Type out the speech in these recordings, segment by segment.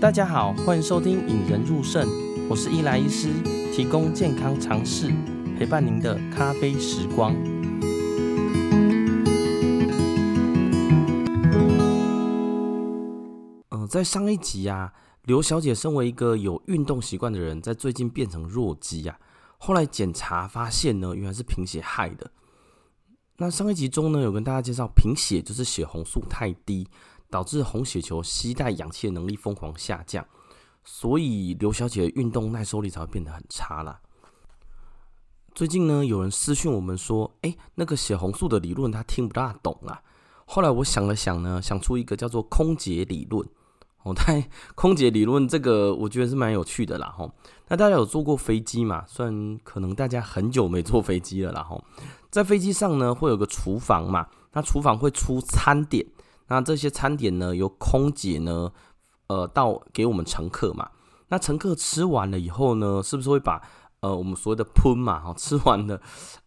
大家好，歡迎收聽《引人入腎》，我是伊萊醫師，提供健康常識，陪伴您的咖啡時光。嗯、呃，在上一集呀、啊，劉小姐身為一個有運動習慣的人，在最近變成弱雞呀、啊。後來檢查發現呢，原來是貧血害的。那上一集中呢，有跟大家介紹，貧血就是血紅素太低。導致紅血球攜帶氧氣的能力瘋狂下降，所以劉小姐的運動耐受力才會變得很差啦。最近呢，有人私訊我們說：“哎，那個血紅素的理論，他聽不大懂啊。”後來我想了想呢，想出一個叫做“空姐理論”。哦，但空姐理論這個，我覺得是蠻有趣的啦。吼，那大家有坐過飛機嘛？雖然可能大家很久沒坐飛機了啦。吼，在飛機上呢，會有個廚房嘛？那廚房會出餐點。那這些餐點呢，由空姐呢，呃，到給我們乘客嘛。那乘客吃完了以後呢，是不是會把呃我們所謂的噴嘛，哈，吃完了，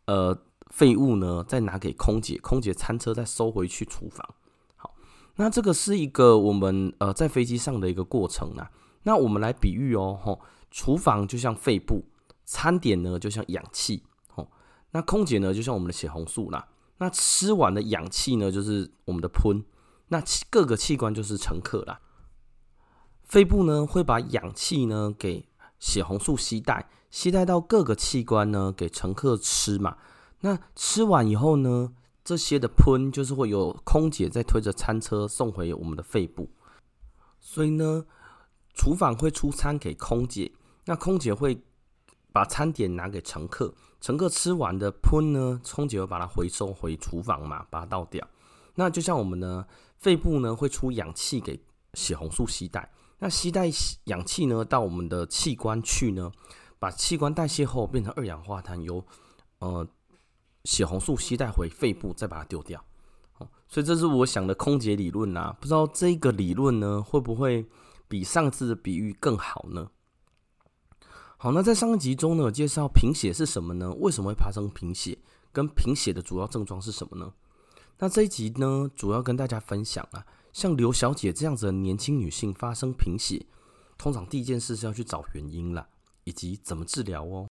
呃，廢物呢，再拿給空姐，空姐餐車再收回去廚房。好，那這個是一個我們呃在飛機上的一個過程啊。那我們來比喻哦，哈，廚房就像肺部，餐點呢就像氧氣，哈，那空姐呢就像我們的血紅素啦。那吃完的氧氣呢，就是我們的噴。那各各個器官就是乘客啦，肺部呢會把氧氣呢給血紅素攜帶，攜帶到各個器官呢給乘客吃嘛。那吃完以後呢，這些的噴就是會有空姐在推着餐車送回我們的肺部，所以呢，廚房會出餐給空姐，那空姐會把餐點拿給乘客，乘客吃完的噴呢，空姐會把它回收回廚房嘛，把它倒掉。那就像我們呢。肺部呢會出氧氣給血紅素攜帶，那攜帶氧氣呢到我們的器官去呢，把器官代謝後變成二氧化碳，由呃血紅素攜帶回肺部再把它丟掉。好，所以這是我想的空姐理論啊，不知道這個理論呢會不會比上次的比喻更好呢？好，那在上一集中呢，介紹貧血是什麼呢？為什麼會發生貧血？跟貧血的主要症狀是什麼呢？那這一集呢，主要跟大家分享啊，像劉小姐這樣子的年輕女性發生貧血，通常第一件事是要去找原因啦，以及怎麼治療哦。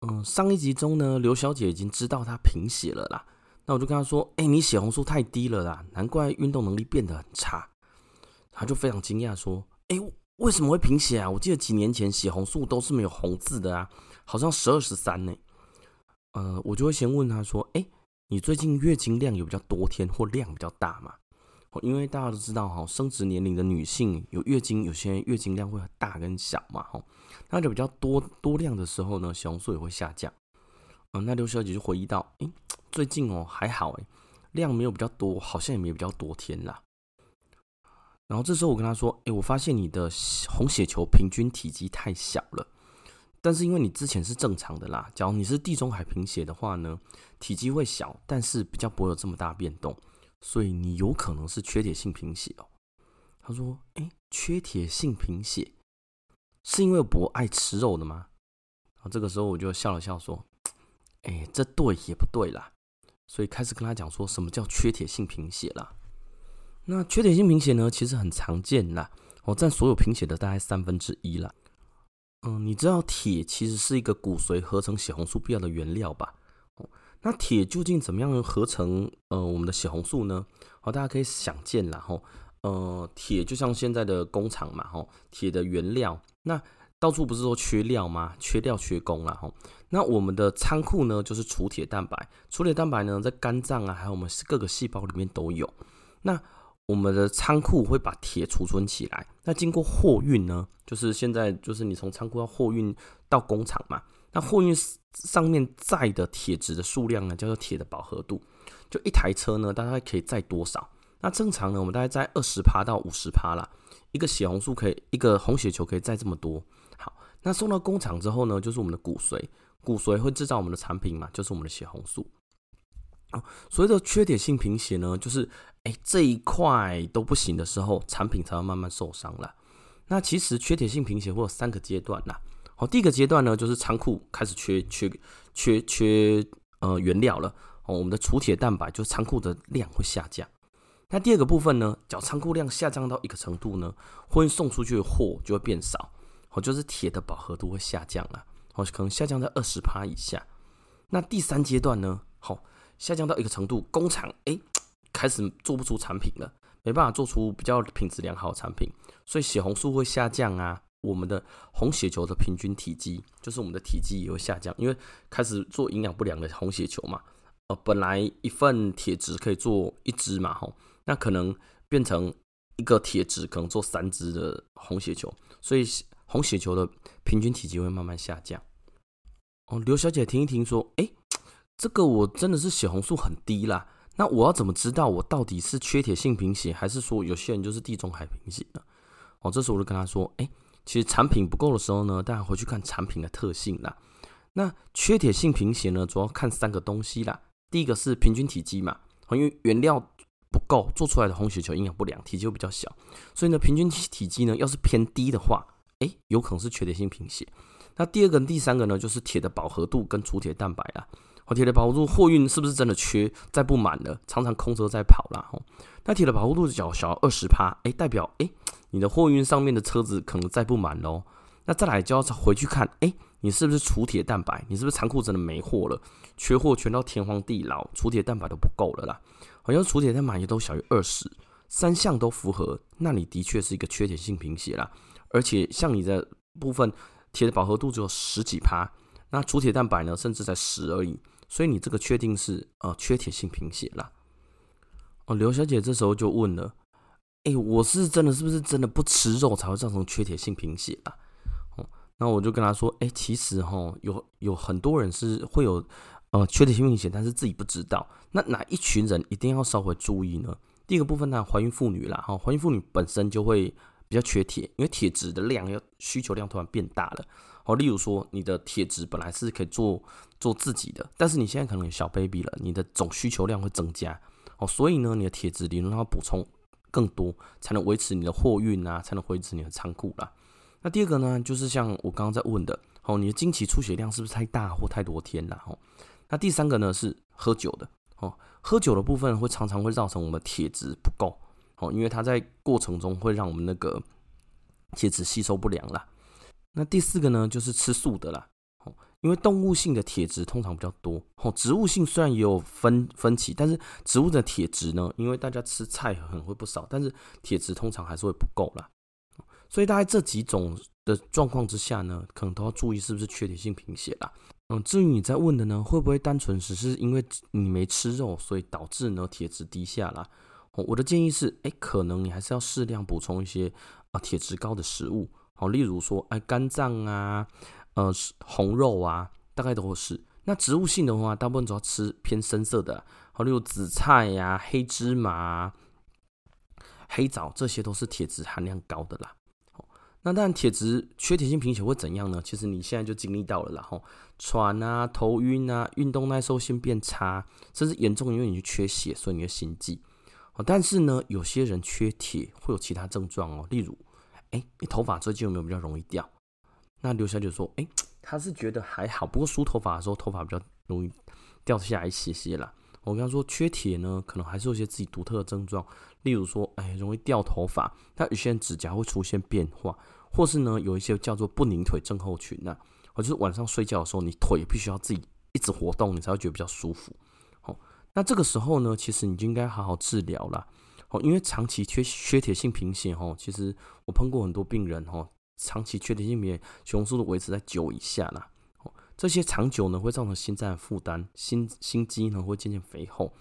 嗯，上一集中呢，劉小姐已經知道她貧血了啦。那我就跟他說：“哎、欸，你血紅素太低了啦，難怪運動能力變得很差。”他就非常驚訝說：“哎、欸，為什麼會貧血啊？我記得幾年前血紅素都是沒有紅字的啊，好像十二十三呢。”呃，我就會先問他說：“哎、欸，你最近月經量有比較多天或量比較大嘛？因為大家都知道哈，哦、生殖年齡的女性有月經，有些月經量會很大跟小嘛。吼、哦，那就比較多多量的時候呢，血紅素也會下降。嗯，那劉小姐就回憶到，哎、欸。”最近哦，還好哎，量沒有比較多，好像也沒有比較多天啦。然後這時候我跟他說：“哎、欸，我發現你的紅血球平均體積太小了，但是因為你之前是正常的啦，假如你是地中海貧血的話呢，體積會小，但是比較不會有這麼大變動，所以你有可能是缺鐵性貧血哦、喔。”他說：“哎、欸，缺鐵性貧血是因為我不愛吃肉的嗎？”然後這個時候我就笑了笑說：“哎、欸，這對也不對啦。”所以開始跟他講說什麼叫缺鐵性貧血了。那缺鐵性貧血呢，其實很常見的，哦，佔所有貧血的大概三分之一了。嗯，你知道鐵其實是一個骨髓合成血紅素必要的原料吧？那鐵究竟怎麼樣合成，呃，我們的血紅素呢？好，大家可以想見了哈，呃，鐵就像現在的工廠嘛，哈，鐵的原料那。到處不是說缺料嗎？缺料缺工啦齁。那我們的倉庫呢，就是儲鐵蛋白。儲鐵蛋白呢，在肝臟啊，還有我們各個細胞裡面都有。那我們的倉庫會把鐵儲存起來。那經過貨運呢，就是現在就是你從倉庫到貨運到工廠嘛。那貨運上面載的鐵質的數量呢，叫做鐵的飽和度。就一台車呢，大概可以載多少？那正常呢，我們大概在二十趴到五十趴啦。一個血紅素可以，一個紅血球可以載這麼多。那送到工廠之後呢，就是我們的骨髓，骨髓會製造我們的產品嘛，就是我們的血紅素。哦、所謂的缺鐵性貧血呢，就是哎、欸、這一塊都不行的時候，產品才會慢慢受傷了。那其實缺鐵性貧血會有三個階段啦，好、哦，第一個階段呢，就是倉庫開始缺缺缺缺、缺呃原料了，哦、我們的儲鐵蛋白就是倉庫的量會下降。那第二個部分呢，叫倉庫量下降到一個程度呢，會送出去的貨就會變少。就是鐵的飽和度會下降了、啊，哦，可能下降在二十趴以下。那第三階段呢？好、哦，下降到一個程度，工廠哎，開始做不出產品了，沒辦法做出比較品質良好的產品，所以血紅素會下降啊。我們的紅血球的平均體積，就是我們的體積也會下降，因為開始做營養不良的紅血球嘛。呃，本來一份鐵質可以做一隻嘛，吼、哦，那可能變成一個鐵質可能做三隻的紅血球，所以。紅血球的平均體積會慢慢下降。哦，劉小姐聽一聽說，哎、欸，這個我真的是血紅素很低啦。那我要怎麼知道我到底是缺鐵性貧血，還是說有些人就是地中海貧血呢？哦，這時候我就跟她說，哎、欸，其實產品不夠的時候呢，大家回去看產品的特性啦。那缺鐵性貧血呢，主要看三個東西啦。第一個是平均體積嘛，因為原料不夠，做出來的紅血球營養不良，體積會比較小，所以呢，平均體積呢要是偏低的話，哎、欸，有可能是缺鐵性貧血。那第二個、第三個呢，就是鐵的飽和度跟儲鐵蛋白啊。鐵的飽和度貨運是不是真的缺？載不滿的，常常空車在跑了。那鐵的飽和度就小於二十趴，代表哎、欸，你的貨運上面的車子可能載不滿嘍。那再來就要回去看，哎、欸，你是不是儲鐵蛋白？你是不是倉庫真的沒貨了？缺貨缺到天荒地老，儲鐵蛋白都不夠了啦。好像儲鐵蛋白也都小於二十，三項都符合，那你的確是一個缺鐵性貧血啦。而且像你的部分鐵的飽和度只有十幾趴，那儲鐵蛋白呢，甚至才十而已，所以你這個確定是呃缺鐵性貧血啦。哦，劉小姐這時候就問了，哎、欸，我是真的是不是真的不吃肉才會造成缺鐵性貧血啊？哦，那我就跟她說，哎、欸，其實哈，有有很多人是會有呃缺鐵性貧血，但是自己不知道。那哪一群人一定要稍微注意呢？第一個部分呢，懷孕婦女啦，哈，懷孕婦女本身就會。比較缺鐵，因為鐵質的量需求量突然變大了，例如說你的鐵質本來是可以做做自己的，但是你現在可能有小 baby 了，你的總需求量會增加，哦，所以呢，你的鐵質理論上要補充更多，才能維持你的貨運啊，才能維持你的倉庫啦。那第二個呢，就是像我剛剛在問的，哦，你的經期出血量是不是太大或太多天了、啊？那第三個呢是喝酒的，哦，喝酒的部分會常常會造成我們鐵質不夠。哦，因為它在過程中會讓我們那個鐵質吸收不良啦。那第四個呢，就是吃素的啦。因為動物性的鐵質通常比較多。哦，植物性雖然也有分分歧，但是植物的鐵質呢，因為大家吃菜很會不少，但是鐵質通常還是會不夠啦。所以大概這幾種的狀況之下呢，可能都要注意是不是缺鐵性貧血啦。嗯，至於你在問的呢，會不會單純只是因為你沒吃肉，所以導致呢鐵質低下啦？我的建議是，哎、欸，可能你還是要適量補充一些啊鐵質高的食物，好、哦，例如說，哎，肝臟啊，呃，紅肉啊，大概都是。那植物性的話，大部分主要吃偏深色的，好、哦，例如紫菜呀、啊、黑芝麻、啊、黑棗，這些都是鐵質含量高的啦。哦、那但鐵質缺鐵性貧血會怎樣呢？其實你現在就經歷到了啦，然後，哦，喘啊、頭暈啊、運動耐受性變差，甚至嚴重，因為你缺血，所以你的心悸。但是呢，有些人缺鐵會有其他症狀哦，例如，哎、欸，你頭髮最近有沒有比較容易掉？那劉小姐說，哎、欸，她是覺得還好，不過梳頭髮的時候頭髮比較容易掉下來一些些啦。我跟她說，缺鐵呢，可能還是有一些自己獨特的症狀，例如說，哎、欸，容易掉頭髮，那有些人指甲會出現變化，或是呢，有一些叫做不寧腿症候群吶、啊，或、就是晚上睡覺的時候你腿也必須要自己一直活動，你才會覺得比較舒服。那這個時候呢，其實你就應該好好治療啦，哦，因為長期缺缺鐵性貧血，哦，其實我碰過很多病人，哦，長期缺鐵性貧血，血紅素維持在九以下啦。哦，這些長久呢會造成心臟的負擔，心心肌呢會漸漸肥厚，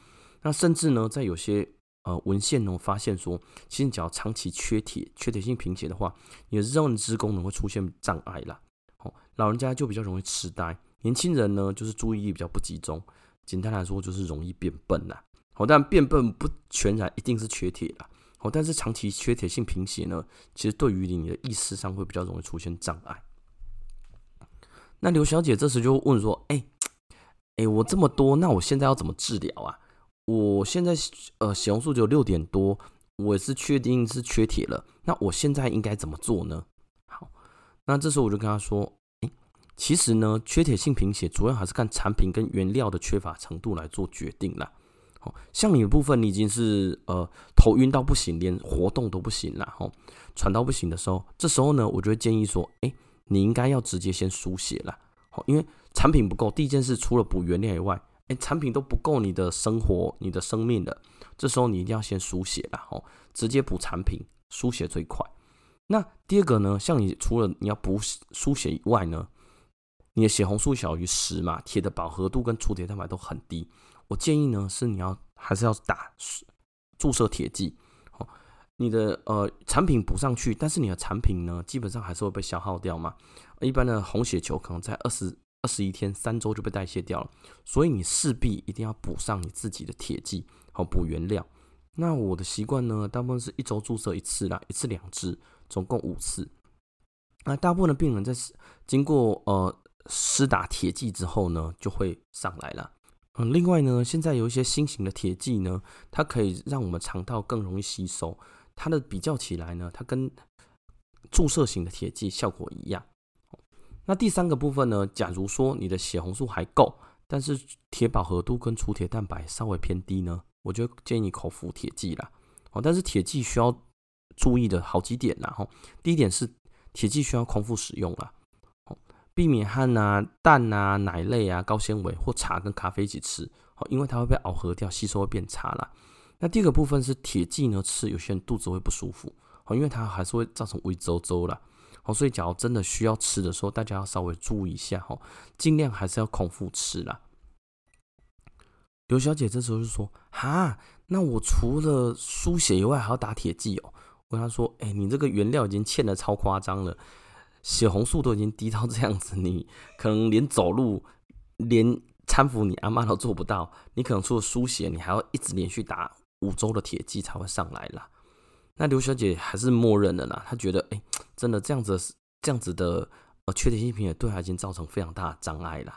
那甚至呢在有些呃文獻呢發現說，其實只要長期缺鐵、缺鐵性貧血的話，你的認知功能會出現障礙啦。哦，老人家就比較容易痴呆，年輕人呢就是注意力比較不集中。簡單來說，就是容易變笨啦。好，但變笨不全然一定是缺鐵啦。好，但是長期缺鐵性貧血呢，其實對於你的意識上會比較容易出現障礙。那劉小姐這時就問說：“哎、欸，哎、欸，我這麼多，那我現在要怎麼治療啊？我現在呃血紅素只有六點多，我也是確定是缺鐵了。那我現在應該怎麼做呢？好，那這時候我就跟她說。”其實呢，缺鐵性貧血主要還是看產品跟原料的缺乏程度來做決定了。好，像你的部分，你已經是呃頭暈到不行，連活動都不行了，吼，喘到不行的時候，這時候呢，我就會建議說，哎，你應該要直接先輸血了，好，因為產品不夠。第一件事，除了補原料以外，哎，產品都不夠你的生活、你的生命的，這時候你一定要先輸血了，吼，直接補產品，輸血最快。那第二個呢，像你除了你要補輸血以外呢？你的血紅素小於十嘛，鐵的飽和度跟儲鐵蛋白都很低。我建議呢，是你要還是要打注射鐵劑哦。你的呃產品補上去，但是你的產品呢，基本上還是會被消耗掉嘛。一般的紅血球可能在二十二十一天三周就被代謝掉了，所以你勢必一定要補上你自己的鐵劑，好補原料。那我的習慣呢，大部分是一周注射一次啦，一次兩支，總共五次。那大部分的病人在經過呃。施打鐵劑之後呢，就會上來了。嗯，另外呢，現在有一些新型的鐵劑呢，它可以讓我們腸道更容易吸收。它的比較起來呢，它跟注射型的鐵劑效果一樣。好，那第三個部分呢，假如說你的血紅素還夠，但是鐵飽和度跟儲鐵蛋白稍微偏低呢，我就建議你口服鐵劑啦。哦，但是鐵劑需要注意的好幾點啦，然後第一點是鐵劑需要空腹使用啦。避免和啊、蛋啊、奶類啊、高纖維或茶跟咖啡一起吃，因為它會被螯合掉，吸收會變差了。那第二個部分是鐵劑呢吃，有些人肚子會不舒服，因為它還是會造成胃周周啦。所以假如真的需要吃的時候，大家要稍微注意一下，哈，盡量還是要空腹吃啦。劉小姐這時候就說：，哈，那我除了輸血以外，還要打鐵劑哦。我跟她說：，哎、欸，你這個原料已經欠的超誇張了。血紅素都已經低到這樣子，你可能連走路、連攙扶你阿嬤都做不到。你可能除了輸血，你還要一直連續打五周的鐵劑才會上來啦。那劉小姐還是默認了啦，她覺得，哎、欸，真的這樣子，這樣子的呃缺鐵性貧血對她已經造成非常大的障礙了。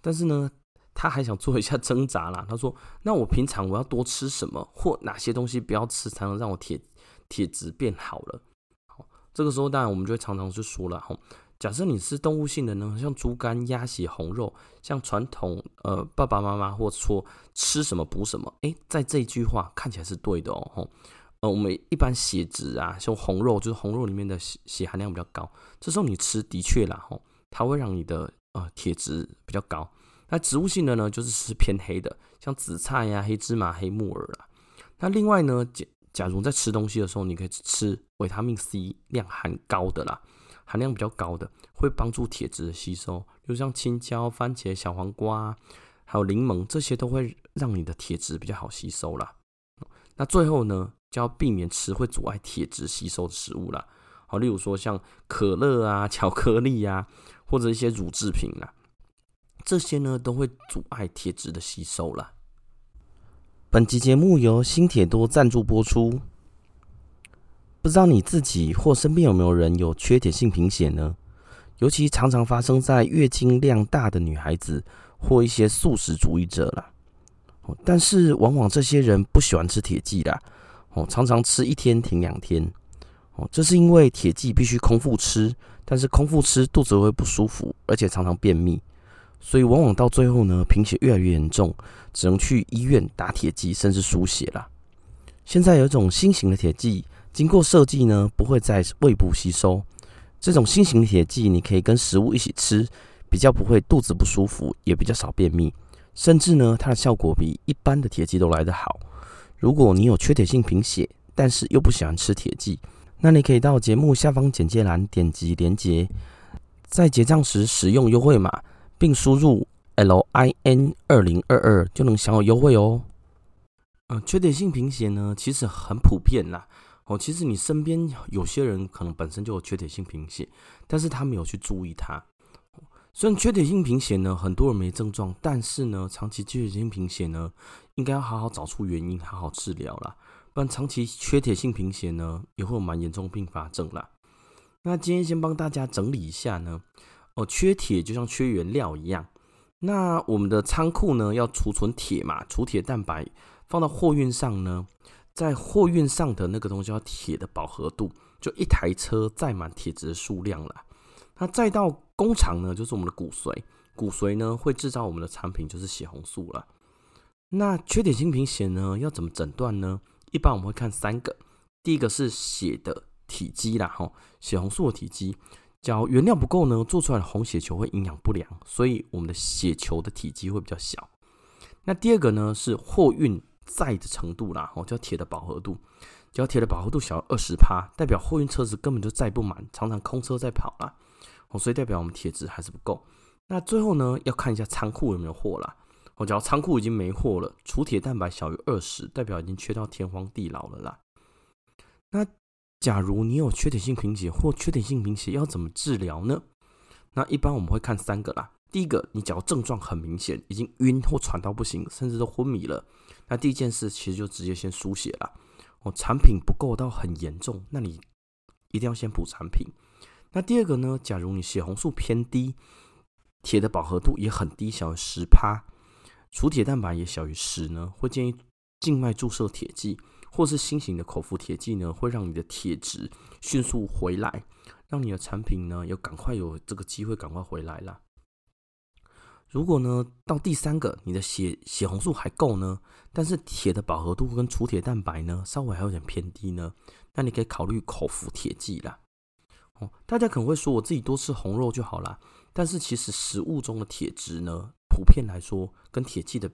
但是呢，她還想做一下掙扎啦。她說，那我平常我要多吃什麼或哪些東西不要吃，才能讓我鐵鐵質變好了？這個時候，當然我們就會常常去說了哈，假設你是動物性的呢，像豬肝、鴨血、紅肉，像傳統呃爸爸媽媽或者說吃什麼補什麼，哎，在這一句話看起來是對的哦，哈、呃，我們一般血脂啊，像紅肉就是紅肉裡面的血血含量比較高，這時候你吃的確啦，哈，它會讓你的啊、呃、鐵質比較高。那植物性的呢，就是吃偏黑的，像紫菜呀、啊、黑芝麻、黑木耳啦。那另外呢，假如在吃東西的時候，你可以吃維他命 C 量很高的啦，含量比較高的，會幫助鐵質的吸收。就像青椒、番茄、小黃瓜，還有檸檬，這些都會讓你的鐵質比較好吸收啦。那最後呢，就要避免吃會阻礙鐵質吸收的食物啦。好，例如說像可樂啊、巧克力啊，或者一些乳制品啊，這些呢都會阻礙鐵質的吸收啦。本集節目由新鐵多贊助播出。不知道你自己或身邊有沒有人有缺鐵性貧血呢？尤其常常發生在月經量大的女孩子或一些素食主義者啦。但是往往這些人不喜歡吃鐵劑啦。哦，常常吃一天停兩天。哦，這是因為鐵劑必須空腹吃，但是空腹吃肚子會不舒服，而且常常便秘。所以，往往到最後呢，貧血越來越嚴重，只能去醫院打鐵劑，甚至輸血了。現在有一種新型的鐵劑，經過設計呢，不會在胃部吸收。這種新型的鐵劑，你可以跟食物一起吃，比較不會肚子不舒服，也比較少便秘，甚至呢，它的效果比一般的鐵劑都來得好。如果你有缺鐵性貧血，但是又不喜歡吃鐵劑，那你可以到節目下方簡介欄點擊連結，在結賬時使用優惠碼。並輸入 L I N 二零二二就能享有優惠哦。嗯、呃，缺鐵性貧血呢，其實很普遍啦。哦，其實你身邊有些人可能本身就有缺鐵性貧血，但是他沒有去注意它。雖然缺鐵性貧血呢，很多人沒症狀，但是呢，長期缺鐵性貧血呢，應該要好好找出原因，好好治療啦。不然長期缺鐵性貧血呢，也會有蠻嚴重的併發症啦。那今天先幫大家整理一下呢。哦，缺鐵就像缺原料一樣。那我們的倉庫呢，要儲存鐵嘛，儲鐵蛋白放到貨運上呢，在貨運上的那個東西叫鐵的飽和度，就一台車載滿鐵質的數量了。那再到工廠呢，就是我們的骨髓，骨髓呢會製造我們的產品，就是血紅素了。那缺鐵性貧血呢，要怎麼診斷呢？一般我們會看三個，第一個是血的體積啦，吼，血紅素的體積。只要原料不夠呢，做出來的紅血球會營養不良，所以我們的血球的體積會比較小。那第二個呢，是貨運載的程度啦，我、喔、叫鐵的飽和度。只要鐵的飽和度小於二十趴，代表貨運車子根本就載不滿，常常空車在跑啦。哦、喔，所以代表我們鐵質還是不夠。那最後呢，要看一下倉庫有沒有貨啦。我只要倉庫已經沒貨了，儲鐵蛋白小於二十，代表已經缺到天荒地老了啦。那。假如你有缺鐵性貧血或缺鐵性貧血，要怎麼治療呢？那一般我們會看三個啦。第一個，你只要症狀很明顯，已經暈或喘到不行，甚至都昏迷了，那第一件事其實就直接先輸血了。哦，產品不夠到很嚴重，那你一定要先補產品。那第二個呢？假如你血紅素偏低，鐵的飽和度也很低，小於十趴，儲鐵蛋白也小於十呢，會建議靜脈注射鐵劑。或是新型的口服鐵劑呢，會讓你的鐵質迅速回來，讓你的產品呢要趕快有這個機會趕快回來啦！如果呢到第三個，你的血血紅素還夠呢，但是鐵的飽和度跟儲鐵蛋白呢稍微還有點偏低呢，那你可以考慮口服鐵劑啦。哦，大家可能會說我自己多吃紅肉就好啦，但是其實食物中的鐵質呢，普遍來說跟鐵劑的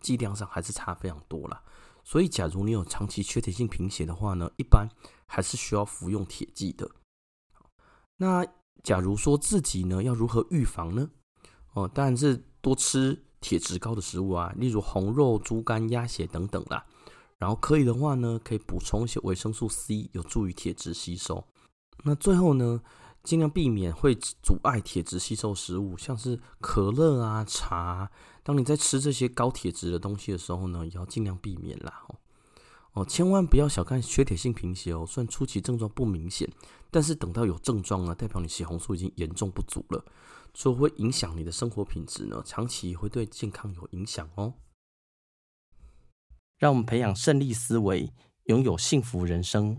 劑量上還是差非常多啦。所以，假如你有長期缺鐵性貧血的話呢，一般還是需要服用鐵劑的。那假如說自己呢要如何預防呢？哦，當然是多吃鐵質高的食物啊，例如紅肉、豬肝、鴨血等等啦、啊。然後可以的話呢，可以補充一些維生素 C，有助於鐵質吸收。那最後呢，盡量避免會阻礙鐵質吸收食物，像是可樂啊、茶啊。當你在吃這些高鐵質的東西的時候呢，也要盡量避免啦。哦，千萬不要小看缺鐵性貧血哦。雖然初期症狀不明顯，但是等到有症狀呢，代表你血紅素已經嚴重不足了，所以會影響你的生活品質呢，長期會對健康有影響哦。讓我們培養腎利思維，擁有幸福人生。